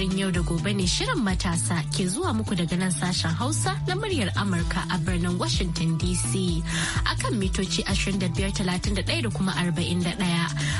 Shirin yau da gobe ne shirin matasa ke zuwa muku daga nan sashen Hausa na muryar Amurka a birnin Washington DC akan mitoci 2531 da kuma 41.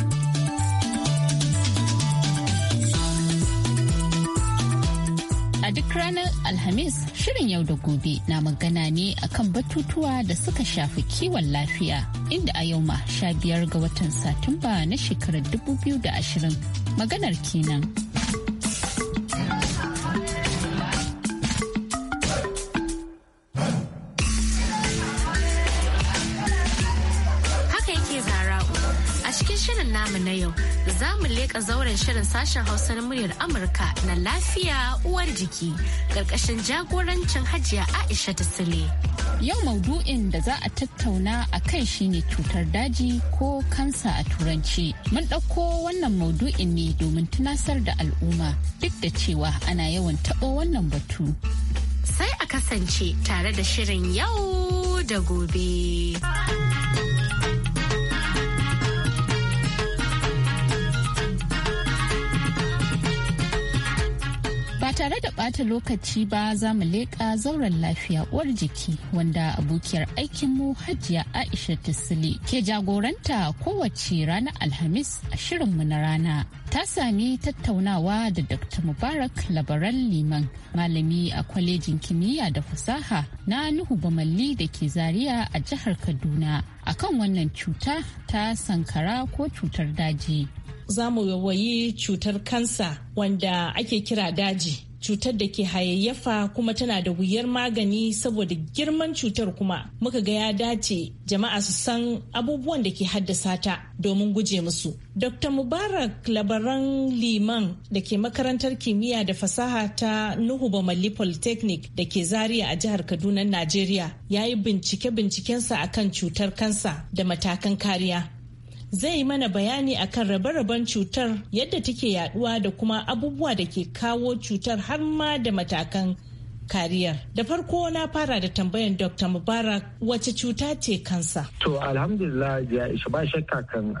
ranar Alhamis shirin yau da gobe na magana ne akan batutuwa da suka shafi kiwon lafiya inda a yau ma sha biyar ga watan Satumba na shekarar 2020 maganar kenan. zauren shirin sashen Hausa na muryar Amurka na lafiya uwar jiki karkashin jagorancin hajiya Aisha ta Sule. Yau maudu'in da za a tattauna a kai shine cutar daji ko kansa a turanci. Mun ɗauko wannan maudu'in ne domin tunasar da al'umma duk da cewa ana yawan taɓo wannan batu. Sai a kasance tare da shirin yau da gobe. tare da ɓata lokaci ba za mu leƙa zauren lafiya uwar jiki wanda abokiyar aikinmu hajiya aisha tisili ke jagoranta kowace ranar alhamis a shirinmu na rana ta sami tattaunawa da dr mubarak labaran liman malami a kwalejin kimiyya da fasaha na nuhu bamalli da ke zaria a jihar kaduna akan wannan cuta ta sankara ko cutar daji za mu wayi cutar kansa wanda ake kira daji cutar da ke hayayyafa kuma tana da wuyar magani saboda girman cutar kuma muka ga ya dace jama'a su san abubuwan da ke haddasa ta domin guje musu. Dr. Mubarak labaran liman da ke makarantar kimiyya da fasaha ta Nuhu Bamali Polytechnic da ke Zaria a jihar Kaduna, Najeriya ya yi bincike-bincikensa akan cutar kansa da matakan kariya. zai yi mana bayani akan rabe-raben cutar yadda take yaduwa da kuma abubuwa da ke kawo cutar har ma da matakan kariyar. Da farko na fara da tambayan Dr. Mubarak wace cuta ce kansa? To alhamdulillah ya isha ba shakka kan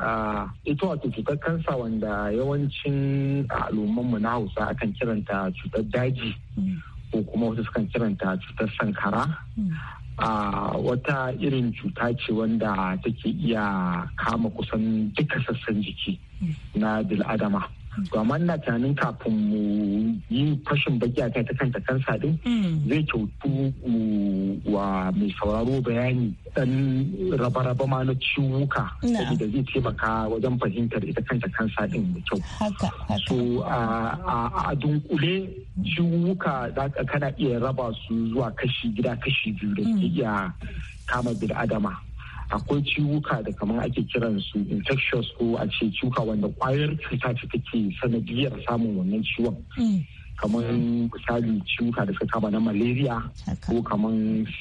ita wato cutar kansa wanda yawancin al'ummanmu na Hausa akan kiranta cutar daji mm. ko kuma wasu sukan kiranta cutar sankara. Mm. a wata irin cuta ce wanda take iya kama kusan duka sassan jiki na bil'adama amma ina tunanin kafin mu yi fashin baki a kai ta kanta kansa din hmm. zai kyautu uh, wa mai sauraro bayani dan raba-raba ma na ciwuka saboda zai taimaka wajen fahimtar ita kanta kansa din da kyau so a dunkule ciwuka kana iya raba su zuwa kashi gida kashi biyu da hmm. iya kama adama. akwai ciwuka da kamar ake kiran su infectious ko a ce ciwuka wanda kwayar cuta ce take sanadiyar samun wannan ciwon mm. kamar misali ciwuka da suka kama na malaria ko kamar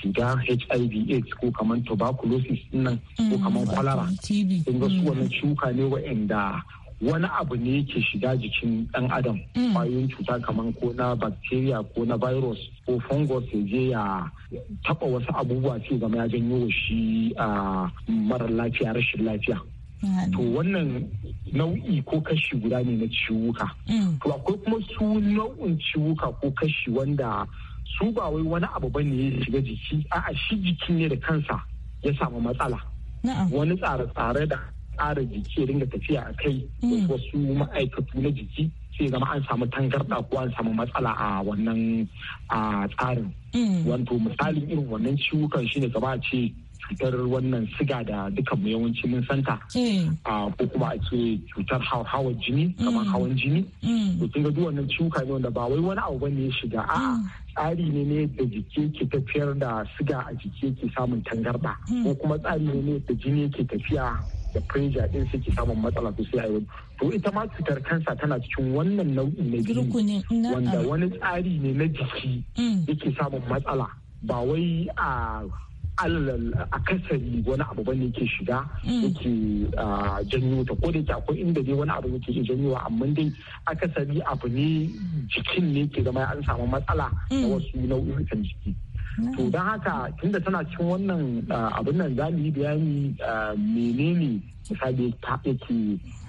sida hiv aids ko kamar tuberculosis nan ko mm. kamar kwalara kun su mm. wannan ciwuka ne wa'anda wani abu ne yake shiga jikin ɗan adam kwayoyin mm. cuta kamar ko na bacteria ko na virus ko fungus ya je ya taɓa wasu abubuwa ce zama ya janyo shi a mara lafiya rashin lafiya to wannan nau'i ko kashi guda ne na ciwuka mm. to akwai kuma su nau'in ciwuka ko kashi wanda su ba wai wani abu ne ya shiga jiki a'a shi jiki ne da kansa ya samu matsala wani tsare-tsare da tsara jiki ya dinga tafiya a kai mm. wasu ma'aikatu na jiki sai zama an samu tangarɗa ko an samu matsala a wannan tsarin. Mm. Wanto misalin irin wannan ciwukan shine gaba ce cutar wannan siga da duka mu yawanci mun santa mm. ko kuma a ce cutar hawan jini kamar hawan jini to kin ga duk wannan ciwuka ne wanda ba wai wani abu bane ya shiga a tsari ne ne da jiki ke tafiyar da siga a jiki ke samun tangarɗa, ko kuma tsari ne ne da jini ke tafiya da pressure din suke samun matsala sosai a yau to ita ma cutar kansa tana cikin wannan nau'in na biyu wanda wani tsari ne na jiki mm. yake samun matsala ba wai a akasari wani abu bane ke shiga mm. yake janyo ta ko da akwai inda dai wani abu yake iya janyowa amma dai akasari abu ne jikin ne ke zama an samu matsala mm. na wasu nau'in jiki Mm. to don haka tunda tana cikin wannan uh, abin nan za mu yi bayani uh, menene misali yake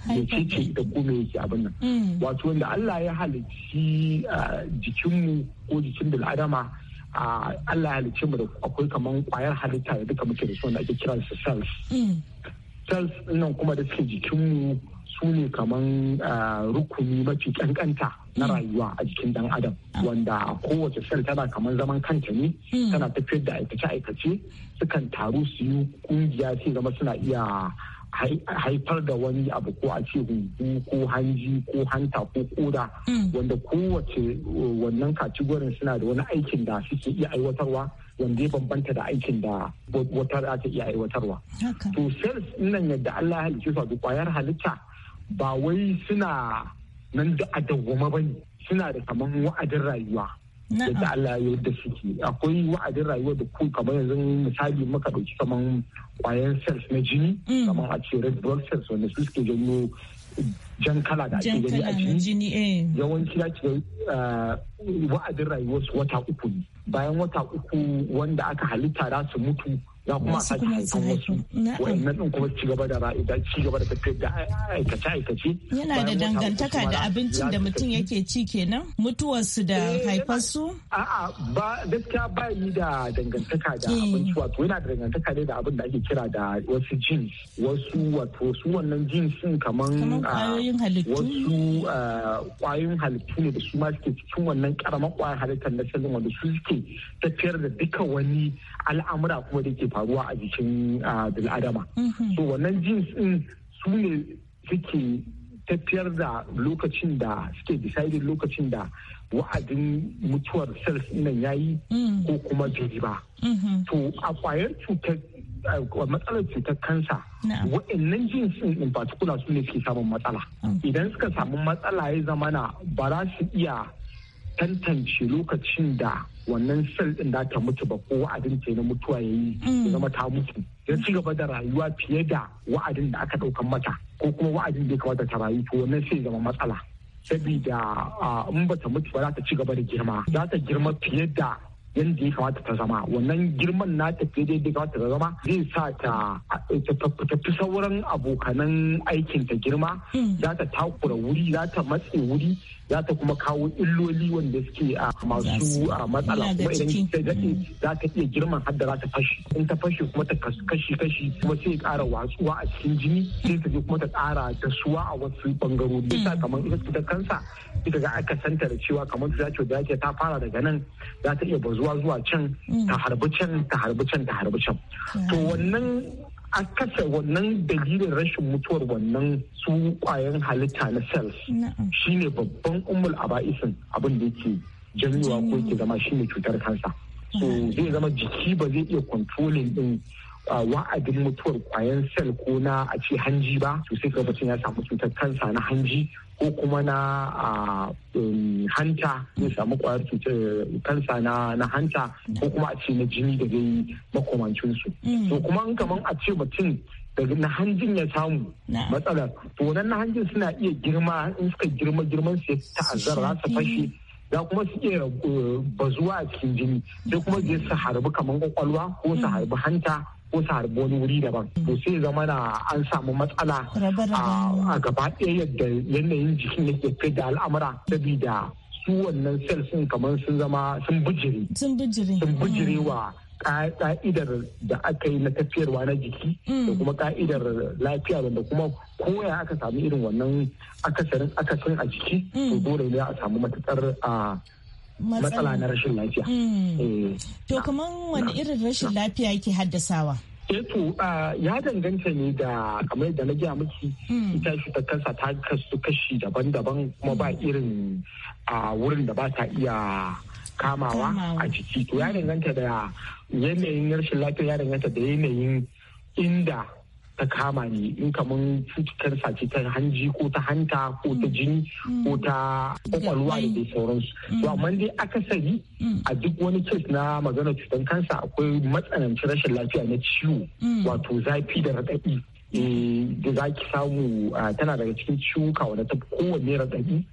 mecece da kuma yake abin nan mm. wato wanda Allah ya halicci uh, jikinmu ko jikin bil'adama Allah ya halicci mu da akwai kamar kwayar halitta da duka muke da su wanda ake kiran su cells mm. cells nan kuma da suke jikinmu su ne kaman rukuni mafi kankanta na rayuwa a jikin dan adam wanda kowace sel tana kamar zaman kanta ne tana tafiyar da aikace-aikace sukan taru su yi kungiya sai zama suna iya haifar da wani abu ko a ce hunhu ko hanji ko hanta ko koda wanda kowace wannan kacigorin suna da wani aikin da suke iya aiwatarwa wanda ya bambanta da aikin da wata ta iya aiwatarwa. To sel nan yadda Allah ya halicce su a kwayar halitta ba wai suna nan da a dawwama ba ne suna da kaman wa'adin rayuwa yadda Allah ya yarda suke akwai wa'adin rayuwa da ku kamar yanzu misali maka ɗauki kaman kwayan cells na jini mm. kamar a ce red blood cells wanda su suke janyo jan kala da ake gani a jini eh. yawanci ya ce eh, wa'adin su wata uku ne bayan wata uku wanda aka halitta za su mutu ya kuma a sake haifan wasu wannan din kuma ci gaba da ra'ida ci gaba da tafiyar da aikace aikace yana da dangantaka da abincin da mutum yake ci kenan mutuwarsu da eh, haifarsu a'a ba gaskiya ba yi da dangantaka da eh. abinci wato yana da dangantaka ne da abin da ake kira da wasu jeans wasu wato su wannan jeans din kaman ah, wasu ah, kwayoyin halittu ne da su ma suke cikin wannan karamar kwayar halittar na shalin wanda su suke tafiyar da duka wani al'amura kuma da ke faruwa a jikin bil'adama mm-hmm. so wannan jeans din su ne suke tafiyar da lokacin da suke decided lokacin da wa'adin mutuwar cells nan yayi mm. ko kuma bai ba mm-hmm. to a kwayar cutar matsalar cutar kansa wa'annan jeans in particular su ne suke samun matsala idan suka samu matsala ya zamana ba za su iya tantance lokacin da wannan sel din da ta mutu ba ko wa'adin ce na mutuwa ya yi mm. zama ta mutu ya ci gaba da rayuwa fiye da wa'adin da aka ɗaukan mata ko kuma wa'adin da ya kamata ta rayu to wannan sai zama matsala sabida ah, in ba ta mutu ba za ta ci gaba da girma za ta girma fiye da yanda ya kamata ta zama wannan girman na tafiye da ya kamata ta zama zai sa ta tafi sauran abokanan aikin ta girma hmm. za ta takura wuri za ta matse wuri za ta kuma kawo illoli wanda suke a ah, masu ah, matsala kuma idan ta daɗe hmm. za ta iya girman da za ta fashe in ta fashe kuma ta kashi kashi kuma sai kara watsuwa a cikin jini sai ta je kuma ta ƙara tasuwa a wasu bangarori. Hmm. sa kamar ita ta kansa kika ga aka santa da cewa kamar ta zace da ta fara daga nan za ta iya bazuwa zuwa can mm. ta harbi can ta harbi can ta harbi can mm. to wannan a kasa wannan dalilin rashin mutuwar wannan su kwayan halitta na cells shine babban umul aba'isin abin da yake janyowa ko yake zama shine cutar kansa so mm. zai zama jiki ba zai iya controlling din wa'adin mutuwar kwayan sel ko na a ce hanji ba to sai ka ya samu cutar kansa na hanji ko kuma na um, hanta ya samu kwayar cutar kansa na hanta ko kuma a ce na jini da makomancin su mm. To kuma in kamar a ce mutum daga na hanjin ya samu matsalar to na hanjin suna iya girma in suka girma girman su ta'azzara za su fashe za kuma su iya eh, bazuwa a cikin jini sai kuma je su harbi kamar kwakwalwa ko su hmm. harbi hanta ko su harbi wani wuri daban to sai zama na an samu matsala a gaba ɗaya yadda yanayin jikin yake kai da al'amura sabida su wannan sel sun kamar sun zama sun bijiri sun bijire wa ka'idar da aka yi na tafiyarwa na jiki hmm. da kuma ka'idar lafiya wanda kuma koya aka samu irin wannan akasarin akasin a jiki to hmm. dole ne a samu matakar a matsala na rashin lafiya. Hmm. Eh. To kaman wani irin rashin lafiya yake haddasawa? Eto eh ya danganta ne da kamar da na gaya miki ita shi ta kasa ta kasu kashi daban-daban kuma ba irin a wurin da ba ta iya kamawa a jiki. To ya danganta da yanayin rashin lafiya ya danganta da yanayin inda ta kama ni in kamar cutukan sace ta hanji ko ta hanta ko ta mm. jini mm. ko ta kwakwalwa da dai sauransu to mm. amma dai akasari a duk wani kes na magana cutar kansa akwai matsanancin rashin lafiya na ciwo wato zafi da raɗaɗi eh, da za ki samu ah, tana daga cikin ciwuka wadda ta kowanne raɗaɗi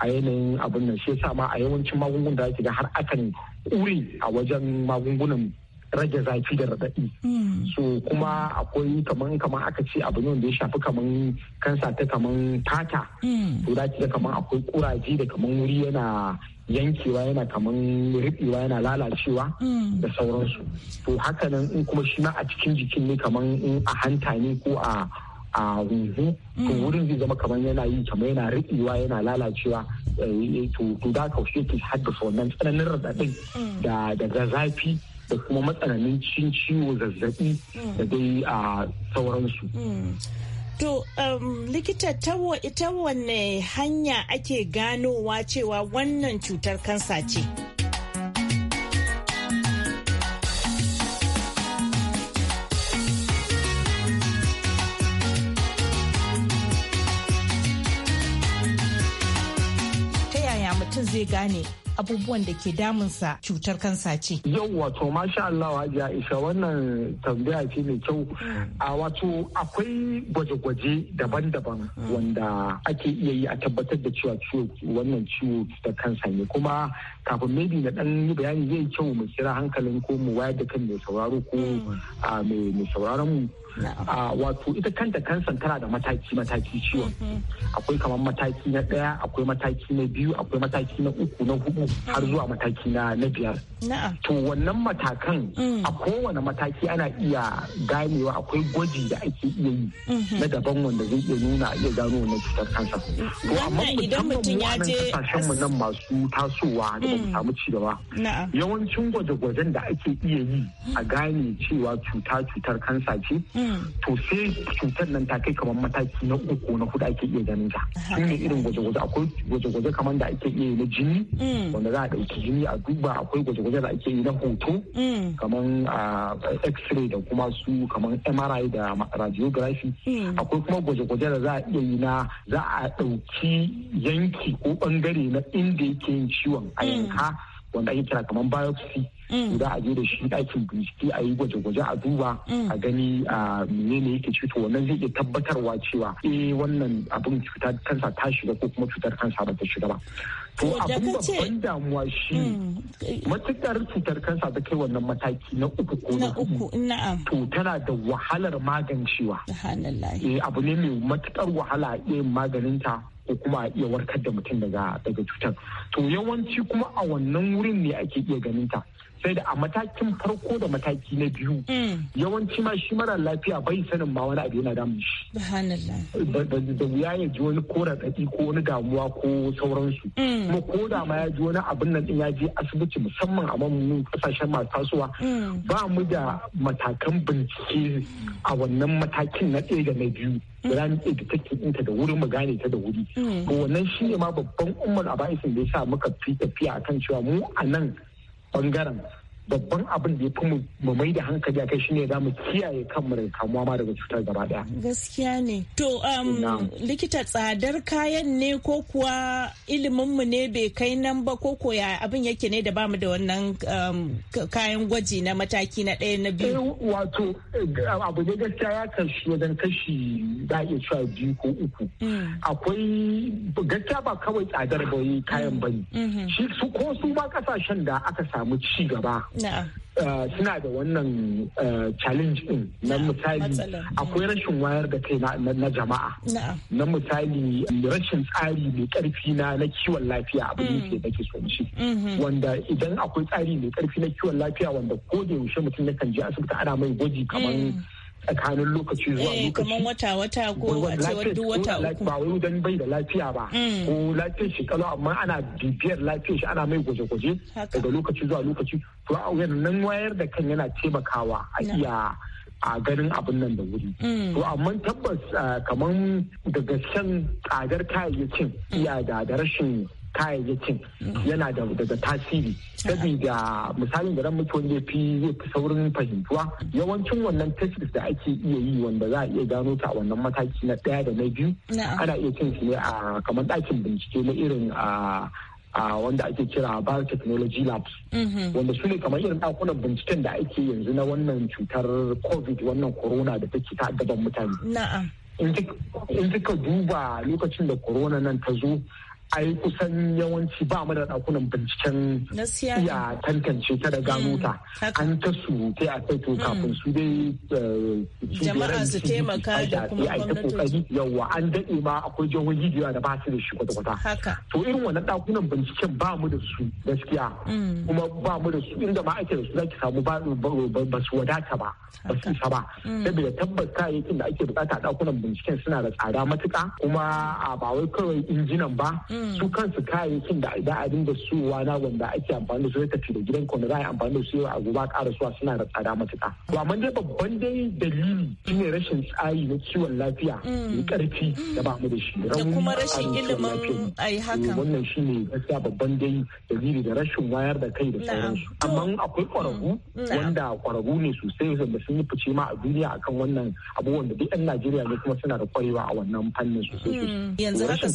a yanayin abin nan shi yasa ma a yawancin magungunan da ake da har akan ƙuri a wajen magungunan rage zafi da raɗaɗi. Hmm. So kuma akwai kaman kaman aka ce abu ne da ya shafi kaman kansa ta kaman tata hmm. To da ga kaman akwai kuraje da kaman wuri yana yankewa yana kaman riɓewa yana lalacewa hmm. da sauransu. To hakanan in kuma shi ma a cikin jikin ne kaman in a hanta ne ko a a huhu to mm. wurin zai zama kamar yana yi kamar yana riɗewa yana lalacewa eh, eh, to to da ka ke haddasa wannan tsananin raɗaɗin mm. da daga zafi da kuma matsananin cin ciwo zazzaɓi mm. da dai a sauransu. To um, likita ta wanne hanya ake ganowa cewa wannan cutar kansa ce? gane abubuwan da ke damunsa cutar kansa ce. Yau wato masha Allah Hajiya isa wannan tambaya ce mai kyau. A wato akwai gwaje-gwaje daban-daban wanda ake iya yi a tabbatar da cewa wannan ciwo da kansa ne kuma kafin maybe na dan yi bayani zai kyau mu kira hankalin ko mu wayar da kan mai sauraro ko hmm. ah, mai sauraron mu ah, wato ita kanta kansan tana da mataki mataki ciwon mm-hmm. akwai kamar mataki na daya akwai mataki na biyu akwai mataki na uku na hudu har zuwa mataki na na biyar to wannan matakan mm. a kowane mataki ana iya ganewa akwai gwaji da ake iya yi mm-hmm. na daban wanda zai iya nuna a iya gano wannan cutar kansa to amma idan mutum ya je kasashen mu nan masu tasowa da a samu hmm. ci gaba yawancin gwaje-gwajen da ake iya yi a gane cewa cuta cutar kansa ce hmm. to sai cutar nan ta kai kamar mataki na uku na hudu ake iya ganin ta shi ne irin gwaje-gwaje akwai gwaje-gwaje kamar da ake iya yi na jini hmm. wanda za a ɗauki jini a duba akwai gwaje-gwaje da ake yi na hoto kamar x-ray da kuma su kamar mri da radiography akwai kuma gwaje-gwaje da za a iya yi na za a ɗauki yanki ko ɓangare na inda yake yin ciwon a ka wanda ake kira kamar biopsy mm. za a je da shi ɗakin bincike a yi gwaje-gwaje a duba mm. a gani a menene yake cuta wannan zai iya tabbatarwa cewa eh wannan abin cutar kansa ta shiga ko kuma cutar kansa ba ta shiga ba to abin babban damuwa shi mm. matukar cutar kansa ta kai wannan mataki na uku ko na uku to tana da wahalar magancewa eh abu ne mai matukar wahala iya maganinta ko kuma a iya warkar da mutum daga daga cutar to yawanci kuma a wannan wurin ne ake iya ganin ta sai da a matakin farko da mataki na biyu mm. yawanci ma shi mara lafiya bai sanin ma wani abu yana damun shi da wuya ya ji wani kora tsaki ko wani damuwa ko sauransu mm. kuma ko da ma ya ji wani abin nan din ya je asibiti musamman a mu kasashen masu tasowa mm. ba mu da matakan bincike a wannan matakin na ɗaya da na biyu za mu da take ɗinta da wuri mu gane ta da wuri to wannan shi ne ma babban umar a ba'isin da ya sa muka fi tafiya akan cewa mu a nan ɓangaren babban abin da ya fi mu mai da hankali a kai shine za mu kiyaye kanmu daga kamuwa ma daga cutar gaba daya. Gaskiya ne. To um, likita tsadar kayan ne ko kuwa ilimin mu ne bai kai nan ba ko ko ya abin yake ne da bamu da wannan um, kayan gwaji na mataki na ɗaya na biyu. Eh, wato eh, abu ne gaskiya ya kashi wajen kashi za a iya cewa biyu ko uku. Mm. Akwai gaskiya ba kawai tsadar ba kayan mm. ba ne. Mm-hmm. Shi su ko su ma kasashen da aka samu ci gaba suna eh, da wannan eh, challenge din na misali akwai rashin wayar da kai na jama'a na misali rashin tsari mai karfi na kiwon lafiya abu da mm. ke so shi mm-hmm. wanda idan akwai tsari mai karfi na kiwon lafiya wanda ko da yaushe mutum yakan je asibiti ana mai gwaji kamar mm. tsakanin lokaci zuwa eh, lokaci. kamar wata wata ko a cewar wata uku. Ba wani dan bai da lafiya ba. Mm. Ko lafiyar shi amma ana bibiyar lafiyar shi ana mai gwaje-gwaje daga lokaci zuwa lokaci. To a nan wayar da kan yana taimakawa a iya a ganin abin nan da wuri. Mm. To amma tabbas ah, kamar daga shan tsadar kayayyakin mm. iya da rashin kayayyakin yana daga tasiri Sabida misalin da ran muke wanda fi zai fi saurin fahimtuwa yawancin wannan tesis da ake iya yi wanda za a iya gano ta a wannan mataki na ɗaya da na biyu ana iya cin su ne a kamar ɗakin bincike na irin a a wanda ake kira biotechnology labs mm-hmm. wanda su ne kamar irin ɗakunan binciken da ake yanzu na wannan cutar covid wannan corona da take ta mutane in kika duba lokacin da corona nan ta zo ai kusan yawanci ba mu da ɗakunan binciken iya tantance ta da gano mm, ta an ta su ta a kai to kafin mm. eh, su dai jama'a su taimaka da kuma gwamnati yawa an daɗe ma akwai jawon da da ba su da shi kwata-kwata to irin wannan ɗakunan binciken ba mu da su gaskiya mm. kuma ba mu da su inda ma ake da su zaki samu ba su wadata ba ba su isa ba saboda tabbas kayayyakin da ake bukata ɗakunan binciken suna da tsada matuka kuma ba wai kawai injinan ba su kansu kayayyakin da a da da su wana wanda ake amfani da su tafi da gidan kwanu za a yi amfani da su yau a gaba ƙara suwa suna da tsada matuƙa to amma dai babban dai dalili shine rashin tsari na kiwon lafiya mm. mai ƙarfi da ba mu da shi da kuma rashin ilimin ai haka eh, wannan shine gaskiya babban dai dalili da rashin wayar da kai da sauransu amma akwai mm. ƙwararru wanda ƙwararru ne sosai wanda sun yi fice ma a duniya akan wannan abubuwan da duk 'yan Najeriya ne kuma suna da ƙwarewa a wannan fannin sosai sosai mm. yanzu haka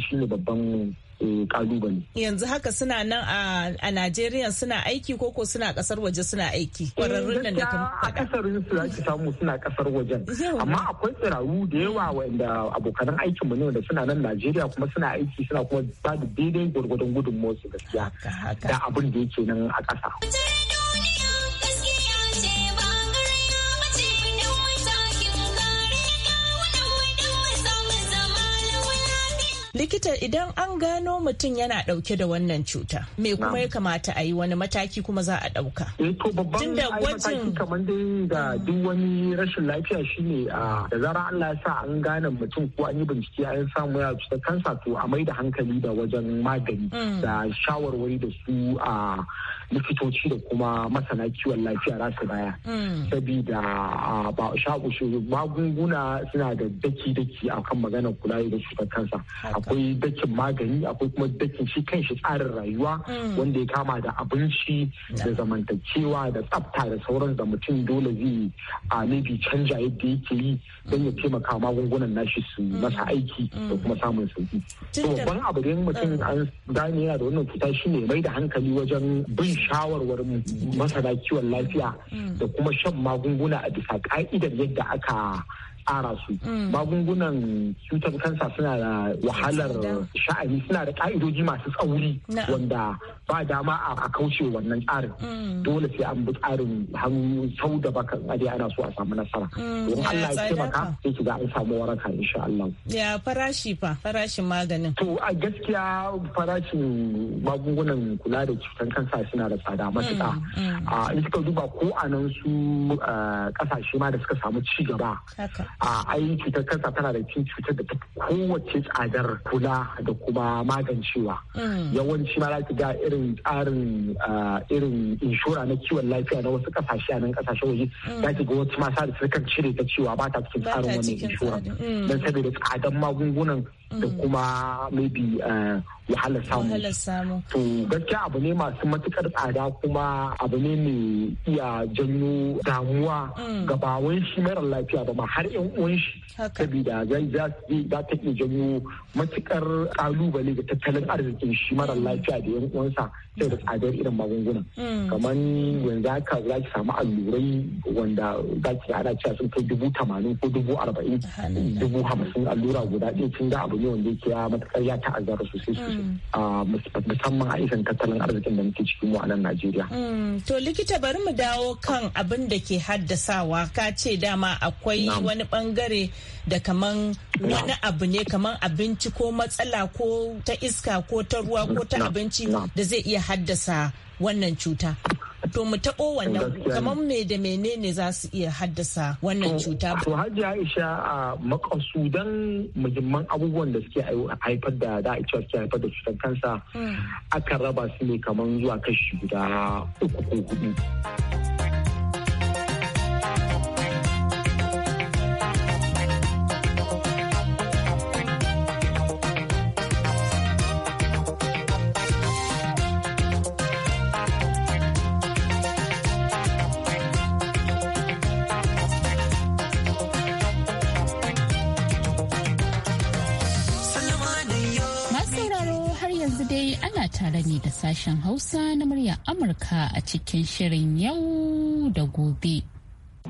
suna babban eh, kalubale. Yanzu haka suna nan a Najeriya suna aiki ko ko suna kasar waje suna aiki. Eh, Kwararrun nan da ka A kasarin su ake samu suna kasar wajen. Amma akwai tsiraru da yawa wanda abokanan aikin mu ne wanda suna nan Najeriya kuma suna aiki suna kuma ba da daidai gwargwadon gudunmuwarsu gaskiya. Da abin da yake nan a ƙasa. likita idan an gano mutum yana dauke da wannan cuta me kuma ya kamata a yi wani mataki kuma za a dauka eh, to babban gwajin kamar dai da duk wani rashin lafiya shine a da zarar Allah ya sa an gane mutum ko an yi bincike an samu ya cutar kansa to a mai da hankali da wajen magani mm. da shawarwari da su a likitoci da kuma masana kiwon lafiya za su baya hmm. sabida ba magunguna suna da daki-daki a kan maganar kula da cutar kansa akwai dakin magani akwai kuma dakin shi kan shi tsarin rayuwa hmm. wanda ya kama da abinci da zamantakewa da tsafta da sauran da mutum dole zai a maybe canja yadda yake yi don ya hmm. taimaka magungunan nashi su masa aiki da kuma samun sauki. babban abu da mutum an gane yana da wannan cuta ne mai da hankali wajen bin shawarwarin masana kiwon lafiya mm. da kuma shan magunguna a bisa ka'idar yadda aka tsara su mm. magungunan cutar kansa suna da wahalar sha'ani suna da ka'idoji masu tsauri wanda ba dama a kauce wannan tsarin mm. dole sai an bi tsarin hannu sau da baka ade ana so a samu nasara mm. don Allah ya taimaka sai ki ga an samu waraka insha Allah ya farashi fa farashin maganin to a gaskiya farashin magungunan kula da cutar kansa suna da tsada matuƙa ah, in suka duba ko a nan su kasashe ah, ma da suka samu ci gaba a ayin cutar kansa tana da cikin cutar da kowace tsadar kula da kuma magancewa mm. yawanci ma za ki ga irin tsarin irin inshora na kiwon lafiya na wasu kasashe a nan wa waje mm. za ki ga wasu ma sa kan cire ta cewa ba ta cikin tsarin wannan inshora mm. don saboda tsadar magungunan da kuma maybe wahalar samu. To gaskiya abu ne masu matukar tsada kuma abu ne mai iya janyo damuwa ga bawon shi mara lafiya ba ma har yan kunshi shi saboda zai za za ta iya janyo matukar kalubale ga tattalin arzikin shi mara mm. lafiya da yan uwansa sai da tsadar irin magunguna mm. kamar yanzu haka za ki samu allurai wanda za ki ana cewa sun kai dubu tamanin ko dubu arba'in dubu hamsin allura guda ɗaya tun da abu ne wanda yake ya matukar ya ta'azzara sosai sosai mm. musamman a isan tattalin arzikin da muke cikin mu a nan Najeriya. To likita bari mu dawo kan abin da ke haddasawa ka ce dama akwai wani bangare da kaman wani abu ne kaman abinci ko matsala ko ta iska ko ta ruwa ko ta abinci da zai iya haddasa wannan cuta. To mu taɓo wannan kaman me da menene za su iya haddasa wannan cuta. To Hajji Aisha a makasudan muhimman abubuwan da suke haifar da da cewa suke haifar da cutar kansa hmm. aka raba su ne kaman zuwa kashi guda uku ko hudu. murya Amurka a cikin shirin yau da gobe.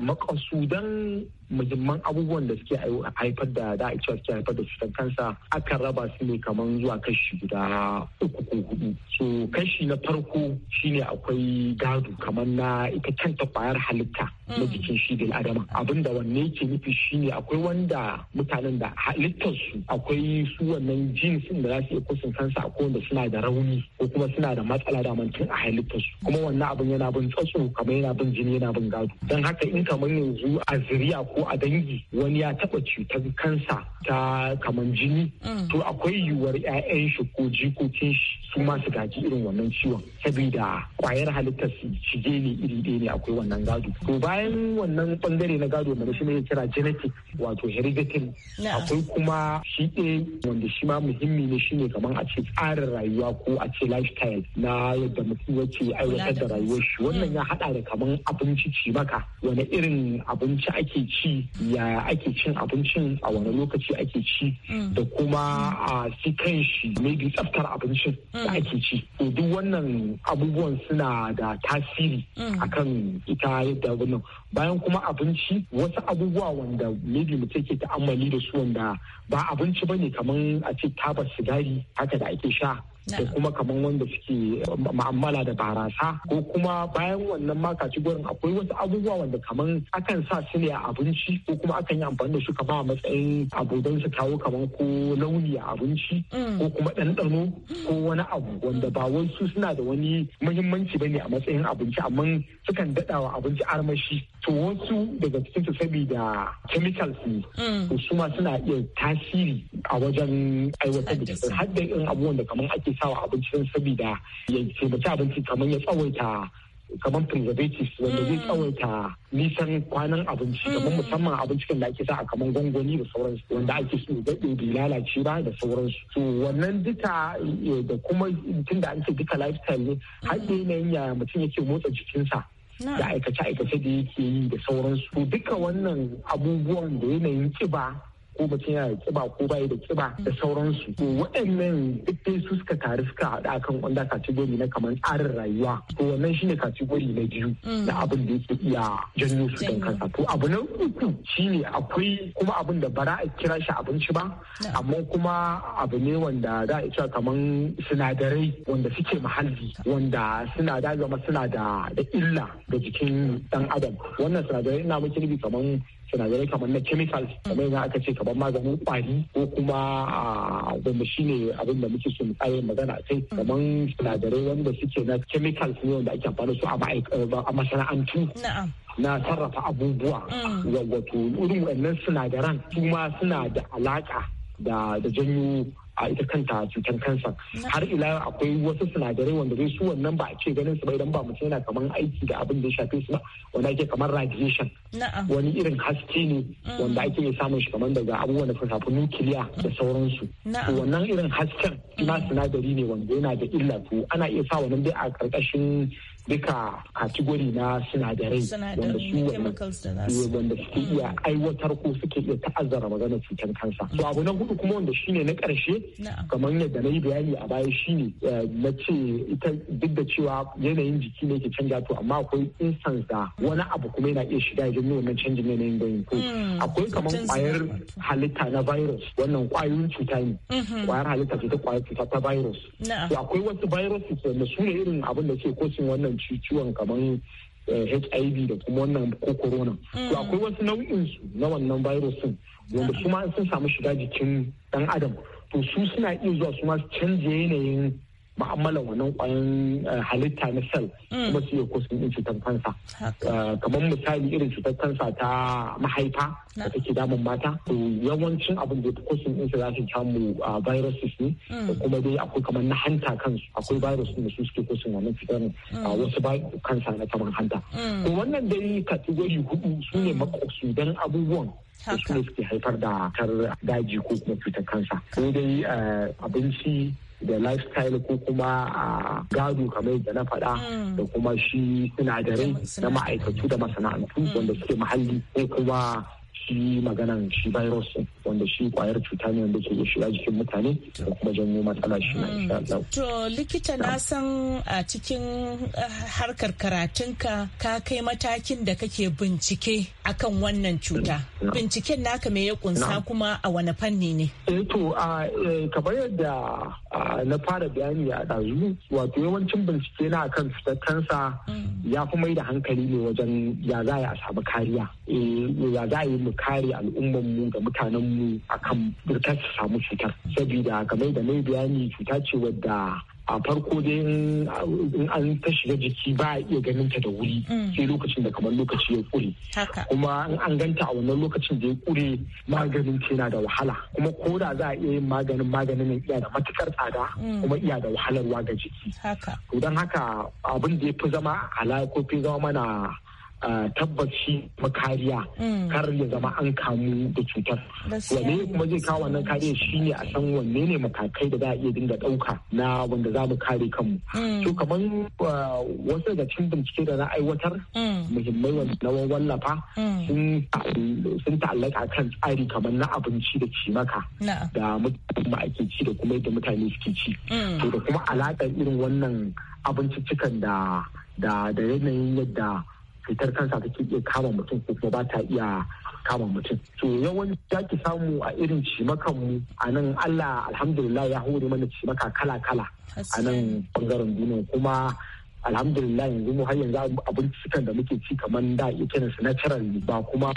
makasudan muhimman abubuwan da suke haifar da da cewa suke haifar da cutar kansa aka raba su ne kamar zuwa kashi guda uku ko hudu so kashi na farko shine akwai gado kamar na ita kanta kwayar halitta na mm. jikin shi bil adama abinda wanne yake nufi shine akwai wanda mutanen da halittar su akwai su wannan jins din da za su iya kusan kansa akwai wanda suna da rauni ko kuma suna da matsala da mantin a halittar su kuma wannan abin yana bin tsatso kamar yana bin jini yana bin gado don haka in kamar yanzu a zuriya ko a dangi wani ya taba cutar kansa ta kamar jini mm. to akwai yiwuwar 'ya'yan shi ko jikokin shi su ma gaji irin wannan ciwon saboda kwayar halittar su shige ne iri ɗaya ne akwai wannan gado to bayan wannan bangare na gado mana shi ne kira genetic wato hereditary akwai kuma shi ɗaya wanda shi ma muhimmi ne shine kamar a ce tsarin rayuwa ko a ce lifestyle na yadda mutum yake aiwatar da rayuwar shi wannan mm. ya haɗa da kamar abinci ci maka wani irin abinci ake ci ya ake cin abincin a wani lokaci ake ci mm. da kuma a si kan shi maybe tsaftar abincin da mm. ake ci to duk wannan abubuwan suna da tasiri mm. akan ita yadda wannan bayan kuma abinci wasu abubuwa wanda maybe mutum ke ta'ammali da su wanda ba abinci bane kamar a ce tabar sigari haka da ake sha ko kuma kamar wanda suke ma'amala da barasa ko kuma bayan wannan ma gurin akwai wasu abubuwa wanda kamar akan sa su ne a abinci ko kuma akan yi amfani da su kama a matsayin abudan su kawo kamar ko launi a abinci mm. ko kuma ɗanɗano ko wani abu wanda ba wai su suna da wani muhimmanci ba ne a matsayin abinci amma sukan daɗa wa abinci armashi to wasu daga cikin su saboda chemicals ne mm. to su ma suna iya tasiri a wajen aiwatar da har da irin abubuwan da kamar ake ake sawa abincin sabida ya taimaki abinci kamar ya tsawaita kamar preservatives wanda zai mm. tsawaita nisan kwanan abinci mm. kamar musamman abincin da ake sa a kamar gwangwani da sauransu wanda ake so daɗe bai lalace ba da sauransu to wannan duka eh, da kuma da an ce duka lifestyle ne har da yanayin yaya mutum yake motsa jikinsa da aikace-aikace da yake yi da sauransu to duka wannan abubuwan da yanayin kiba ko mutum yana da kiba ko bai da kiba da sauransu to waɗannan duk dai su suka taru suka haɗa akan wanda kategori na kamar tsarin rayuwa to wannan shine kategori na biyu mm. na abin da yake iya janyo su don kansa to abu na uku shine akwai kuma abin da bara a kira shi abinci ba amma kuma abu ne wanda za a cewa kamar sinadarai wanda suke muhalli wanda suna da zama suna da illa ga jikin dan adam wannan sinadarai ina muke nufi kamar sinadarai kamar na chemical kamar yana aka ce kamar maganin kwari ko kuma wanda shine abin da muke so magana a kai kamar sinadarai wanda suke na chemical ne wanda ake amfani su a masana'antu na sarrafa abubuwa mm. wato irin wannan sinadaran su suna da alaka da janyo a ita kanta cutar kansa har ila akwai wasu sinadarai wanda dai su wannan ba a ce ganin su ba idan ba mutum yana kamar aiki da abin da ya shafe su ba wanda ake kamar radiation wani irin haske ne wanda ake iya samun shi kamar daga abubuwan da suka shafi nukiliya da sauransu wannan irin hasken na sinadari ne wanda yana da illa to ana iya sa wannan dai a karkashin duka kategori na sinadarai wanda su wanda suke iya mm. aiwatar ko suke iya ta'azzara magana cutar kansa to abu na hudu kuma wanda shine na karshe kamar yadda na yi bayani a baya shine eh, na ce ita duk da cewa yanayin jiki ne ke canja to amma akwai instance da wani abu kuma yana iya shiga ya wannan canjin yanayin ganin ko mm. akwai kamar kwayar halitta na virus wannan kwayoyin cuta ne kwayar mm-hmm. halitta ce ta kwayar cuta ta virus to akwai wasu virus wanda su ne irin abin da ke kosin wannan wannan ciwon kamar HIV eh, da kuma wannan ko corona. To mm. akwai wasu nau'in su na wannan virus din wanda kuma mm. sun samu shiga jikin dan adam to su suna iya zuwa su ma canza yanayin ma'amalan wannan kwayan eh, halitta na cell mm. kuma su iya kusan in cutar kansa eh, kamar misali irin cutar kansa ta mahaifa da take damun mata to yawancin abin da kusan yin za su samu ah, viruses ne mm. kuma dai akwai kamar na hanta kansu akwai virus da su suke kusan wannan cutar mm. ah, wasu ba kansa na kamar hanta to wannan dai kategori hudu su ne makosudan abubuwan su suke haifar da kar daji ko kuma cutar kansa sai dai eh, abinci da lifestyle ko kuma a gado kamar da na faɗa mm. da kuma shi sinadarai na ma'aikatu da masana'antu wanda suke muhalli ko kuma shi maganan shi virus wanda shi kwayar cuta ne wanda ke iya shiga jikin mutane da kuma janyo matsala shi na insha mm. To likita na san a cikin eh, harkar karatun ka ka kai matakin da kake bincike akan wannan cuta. Binciken naka me ya kunsa kuma a wani fanni ne? Eh to eh, kamar yadda na fara bayani a ɗazu wato yawancin bincike na akan cutar kansa mm. ya fi mai da hankali ne wajen ya za a samu kariya. Eh, ya za a yi kare al'ummar mu ga mutanen mu akan burkar su samu cutar saboda game da mai bayani cuta ce wadda a farko dai in an ta shiga jiki ba a iya ganin ta da wuri mm. sai lokacin da kamar lokaci ya kure kuma in an ganta a wannan lokacin da ya kure maganin ta yana da wahala kuma ko da za a iya yin maganin maganin nan iya da matukar tsada mm. kuma iya da wahalarwa ga jiki to don haka abin da ya fi zama ala ko fi zama mana tabbas shi makariya mm. kar ya zama an kamu da cutar wanne kuma zai kawo wannan kariya shine a san wanne ne matakai da za a iya dinga ɗauka na wanda za mu kare kanmu mm. to kamar uh, wasu daga cikin bincike da na aiwatar mm. muhimmai wanda wallafa sun ta'allaka kan tsari kamar na abinci da cimaka da mutane ake ci da kuma yadda mutane suke ci to da kuma alaƙar irin wannan abinciccikan da da yanayin yadda cutar kansa take iya kama mutum ko kuma ba ta iya kama mutum to yawani ya ki samu a irin cimakan mu a nan Allah alhamdulillah ya hore mana cimaka kala kala a nan bangaren duniya kuma alhamdulillah yanzu mu har yanzu abincikan da muke ci kamar da ya na su ba kuma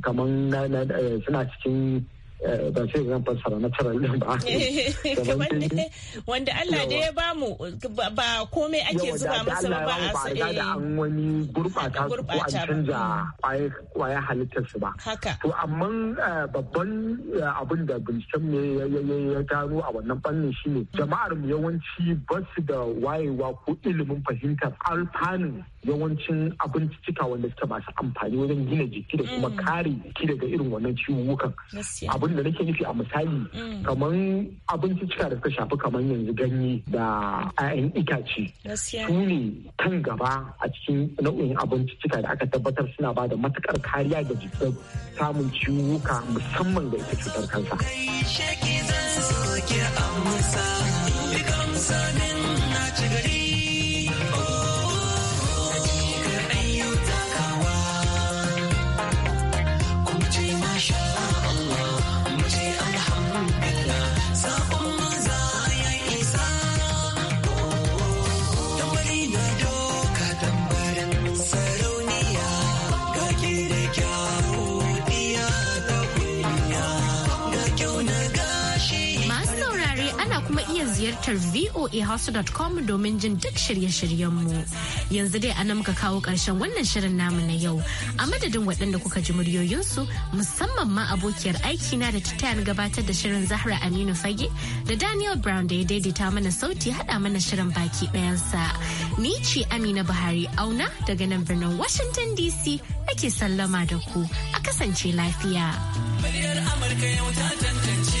kamar eh, suna cikin Eh, ba sai zan fassara na tara ba eh, wanda Allah da ya bamu ba komai ake zuba masa ba a sai da eh, an wani gurbata ko an canza hmm. kwaya halittar su ba to amma babban abin da binciken ne ya gano a wannan fannin shine hmm. jama'ar mu yawanci ba su da wayewa ko ilimin fahimtar alfanun yawancin abinciccika wanda ba masu amfani wajen gina jiki da kuma hmm. kare jiki daga irin wannan ciwukan abin da nake nufi a misali mm. kamar abinci cika da suka shafi kamar yanzu ganye da 'ya'yan itace su ne kan gaba a cikin nau'in abinci cika da aka tabbatar suna ba da matukar kariya ga jikin samun ciwuka musamman ga ita cutar kansa. ziyartar voahouse.com domin jin duk shirye-shiryenmu. Yanzu dai ana muka kawo ƙarshen wannan shirin namu na yau. A madadin waɗanda kuka ji muryoyinsu musamman ma abokiyar aiki na da titayen gabatar da shirin Zahra Aminu Fage da Daniel Brown da ya daidaita mana sauti haɗa mana shirin baki ɗayansa. Ni ce Amina Buhari auna daga nan birnin Washington DC ake sallama da ku a kasance lafiya. Muryar Amurka yau ta tantance.